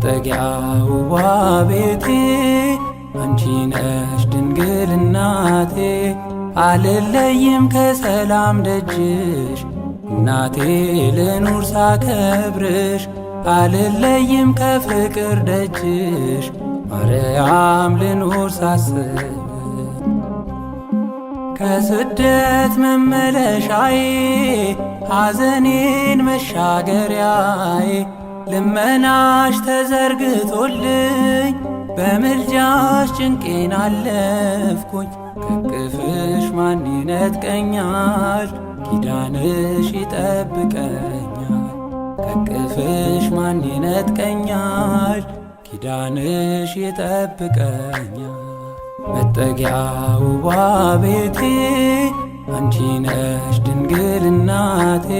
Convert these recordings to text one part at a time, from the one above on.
መጠጊያ ውቧ ቤቴ አንቺ ነሽ ድንግል እናቴ አልለይም ከሰላም ደጅሽ እናቴ ልኑር ሳከብርሽ አልለይም ከፍቅር ደጅሽ ማርያም ልኑር ሳስብ ከስደት መመለሻዬ ሐዘኔን መሻገሪያዬ ልመናሽ ተዘርግቶልኝ በምልጃሽ ጭንቄን አለፍኩኝ ከቅፍሽ ማን ይነጥቀኛል? ኪዳንሽ ይጠብቀኛል። ከቅፍሽ ማን ይነጥቀኛል? ኪዳንሽ ይጠብቀኛል። መጠጊያው ውቧ ቤቴ አንቺ ነሽ ድንግል እናቴ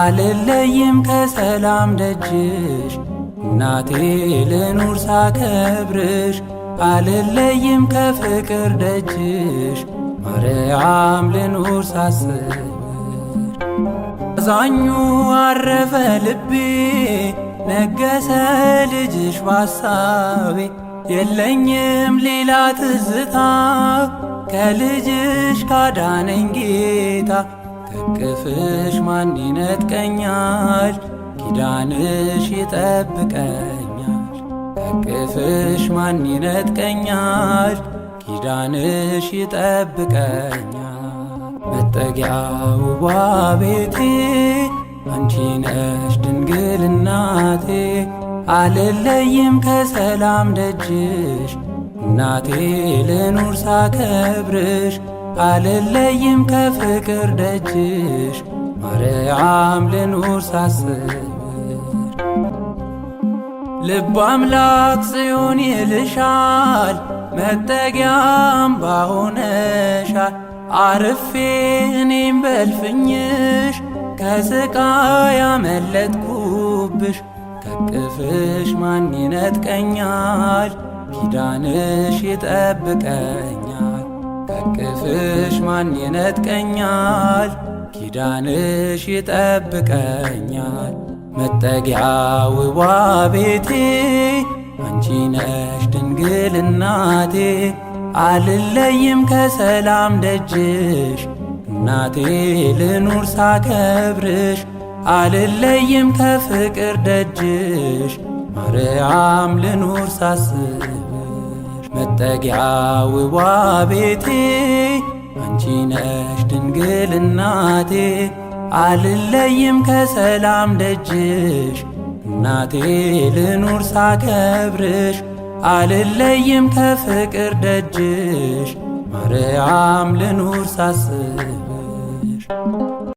አልለይም ከሰላም ደጅሽ እናቴ ልኑር ሳከብርሽ አልለይም ከፍቅር ደጅሽ ማርያም ልኑር ሳስብር አዛኙ አረፈ ልቤ ነገሰ ልጅሽ ባሳቤ የለኝም ሌላ ትዝታ ከልጅሽ ካዳነኝ ጌታ ከቅፍሽ ማን ይነጥቀኛል? ኪዳንሽ ይጠብቀኛል። ከቅፍሽ ማን ይነጥቀኛል? ኪዳንሽ ይጠብቀኛል። መጠጊያው ውቧ አንቺ ነሽ ድንግል እናቴ አልለይም ከሰላም ደጅሽ እናቴ ልኑር ሳከብርሽ አልለይም ከፍቅር ደጅሽ ማርያም ልኑር ሳስብር ልብ አምላክ ጽዮን ይልሻል መጠጊያም ባሆነሻል አርፌ እኔም በልፍኝሽ ከስቃይ ያመለጥኩብሽ ከቅፍሽ ማን ይነጥቀኛል ኪዳንሽ ይጠብቀኝ ከቅፍሽ ማን ይነጥቀኛል? ኪዳንሽ ይጠብቀኛል። መጠጊያ ውቧ ቤቴ አንቺ ነሽ ድንግል እናቴ። አልለይም ከሰላም ደጅሽ እናቴ ልኑር ሳከብርሽ። አልለይም ከፍቅር ደጅሽ ማርያም ልኑር ሳስብ መጠጊያ ውቧ ቤቴ አንቺ ነሽ ድንግል እናቴ አልለይም ከሰላም ደጅሽ እናቴ ልኑር ሳከብርሽ አልለይም ከፍቅር ደጅሽ ማርያም ልኑር ሳስብሽ